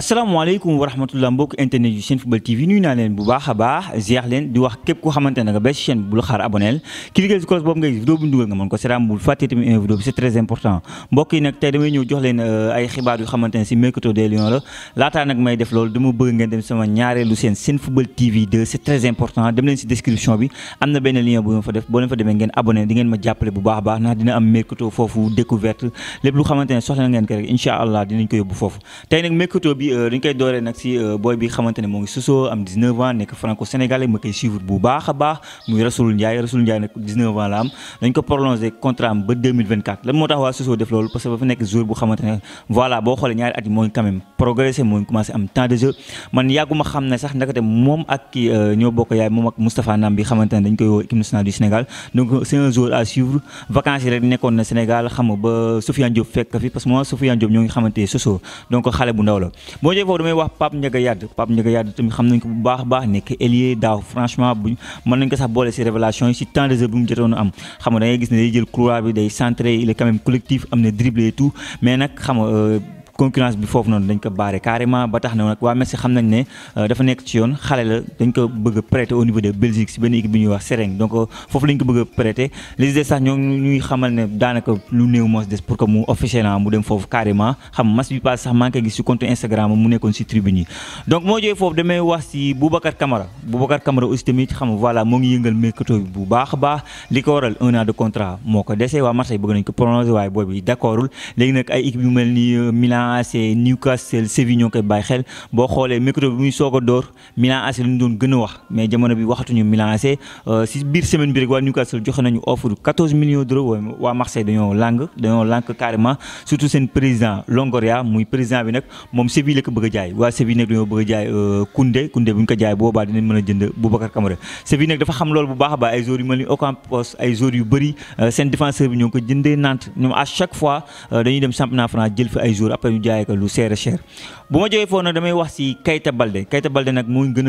asalaamaaleykum wa rahmatulah mbokk internet du chaîne football TV nuyu na len bu baakha baax ziar len di wax kep koo xamantene nga ba si chaîne bul xaar abonnel cliquer si cloche bob ngay gis vidéo bu ñu nga mën ko seetaan bul faté tamit un vidéo c'est très important mbok yi nak tay damay ñëw jox len euh, ay xibaar yu xamantene ci mercato des Lions la laataa nag may def lolou dama bëgg ngeen dem sama ñaare lu seen chaîne football TV 2 c'est très important dem len ci description bi amna na benn lien bu ñu fa def bo len fa demee ngeen abonné di ngeen ma jappalé bu baax baax na dina am mercato fofu découverte lepp lu xamantene soxla ngeen ko rek incha dinañ ko yobbu fofu tay nak mercato bi bi euh, dañ koy dooree nag si euh, booy bi xamante ne moo ngi Soso am 19 ans nekk franco sénégalais ma koy suivre bu baax a baax muy Rasoul Ndiaye Rasoul Ndiaye nag 19 ans la am dañ ko prolongé contrat am ba 2024 lan moo tax waa Soso def loolu parce que dafa nekk jour bu xamante ne voilà boo xoolee ñaari at yi moo ngi quand progressé mu commencé un temps de jeu man sax ak euh, ñoo Nambi dañ Sénégal donc euh, c'est un joueur à suivre vacances rek nékkon na Sénégal xam ba Diop parce que moi Diop ñoo ngi soso donc xalé bu ndaw la damay wax Pape Pape tamit ko bu baax baax franchement bu ko sax révélation temps de jeu mu am da ngay gis centré il est quand même collectif et tout mais euh, concurrence bi foofu noonu dañ ko baare carrément ba tax na nag waa Metz xam nañ ne euh, dafa nekk ci yoon xale la dañ ko bëgg a au niveau de Belgique si benn équipe bi ñuy wax Sereng donc euh, foofu lañ ko bëgg a prêter les idées sax ñoo ñuy xamal ne daanaka lu néew moos des pour que mu officiellement ah, mu dem foofu carrément xam match bi passe sax maa ngi koy gis compte Instagram mu nekkoon si tribune yi donc moo jógee foofu damay wax si Boubacar Camara Boubacar Milan AC Newcastle Séville kay bay xel bo xolé micro bi muy soog dor Milan AC lañu doon gën wax mais jamono bi waxatu ñu Milan AC ci euh, biir semaine bi rek waa Newcastle joxe nañu offre 14 millions d'euros wa Marseille dañoo làng dañoo lànk carrément surtout sen président Longoria muy président bi nak mom Séville la ko bëgg jaay wa Séville nag dañoo bëgg jaay euh Koundé Koundé buñ ko jaay boba dinañ mëna a jënd Boubacar Camara Séville nag dafa xam lool bu baax a ay joueurs yu mel ni Ocampos ay joueurs yu bëri euh, sen défenseur bi ñoo ko jëndee Nantes ñoom à chaque fois euh, dañuy dem championnat France jël fi ay joueurs après ñu lu seer a cher bu ma jógee foofu nag damay wax si Keita Balde nag moo gën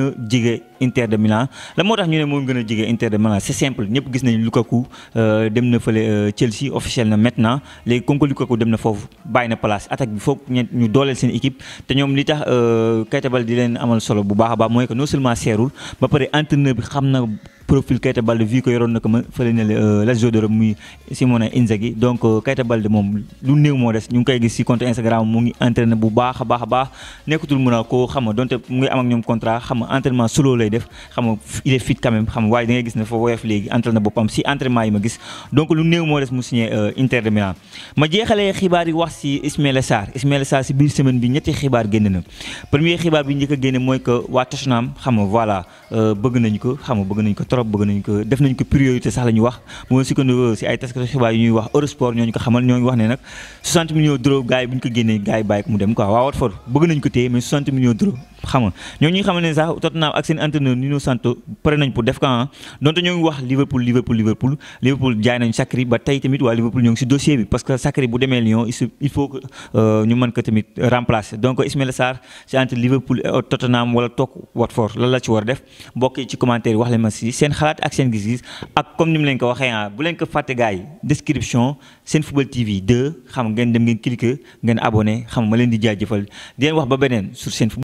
a Inter de la moo tax ñu ne moo gën a Inter de Milan simple ñëpp gis nañu Lukaku euh, dem na fële euh, Chelsea officiel na maintenant léegi comme que Lukaku dem na foofu bàyyi na place attaque bi foog ñu dooleel seen équipe te ñoom li tax euh, Keita di leen amal solo bu baax a mooy que non seulement seerul ba pare entraîneur bi xam na profil Keita Baldé vu que yoroon na ma fële ne la Lazio de Rome muy Simone Inzaghi donc euh, Keita Baldé moom lu néew moo des ñu ngi koy gis si compte Instagram mu ngi entraîné bu baax a baax a baax nekkatul mën a koo xam ma donc lu néew moo des mu signé euh, Inter de ma jeexalee xibaar yi wax si Ismaïla Sarr Ismaïla Sarr si biir semaine bi ñetti xibaar génn na premier xibaar bi njëkk a génne mooy que waa Tottenham xam voilà euh, bëgg nañu ko xam bëgg nañu trop bëgg nañ ko def nañ ko priorité sax la wax bu ma si ay taskatu xibaar yu ñuy wax Eurosport ñooñu ko xamal ñooñu wax ne nag 60 millions d'euros gars bu ñu ko génnee gars bàyyi ko mu dem quoi waa Watford bëgg nañ ko téye mais 60 millions d'euros xam nga ñu xamal ne sax Tottenham ak seen entraîneur Nuno Santo pare nañ pour def ko ah. donte ñoo ngi wax Liverpool Liverpool Liverpool jaay nañ Sakri ba tey tamit waa Liverpool ñoo seen xalaat ak seen gis-gis ak comme ni mu leen ko waxee ah bu leen ko fàtte gars yi description seen football TV 2 xam ngeen dem ngeen cliquer ngeen abonné xam ma leen di jaajëfal di leen wax ba beneen sur seen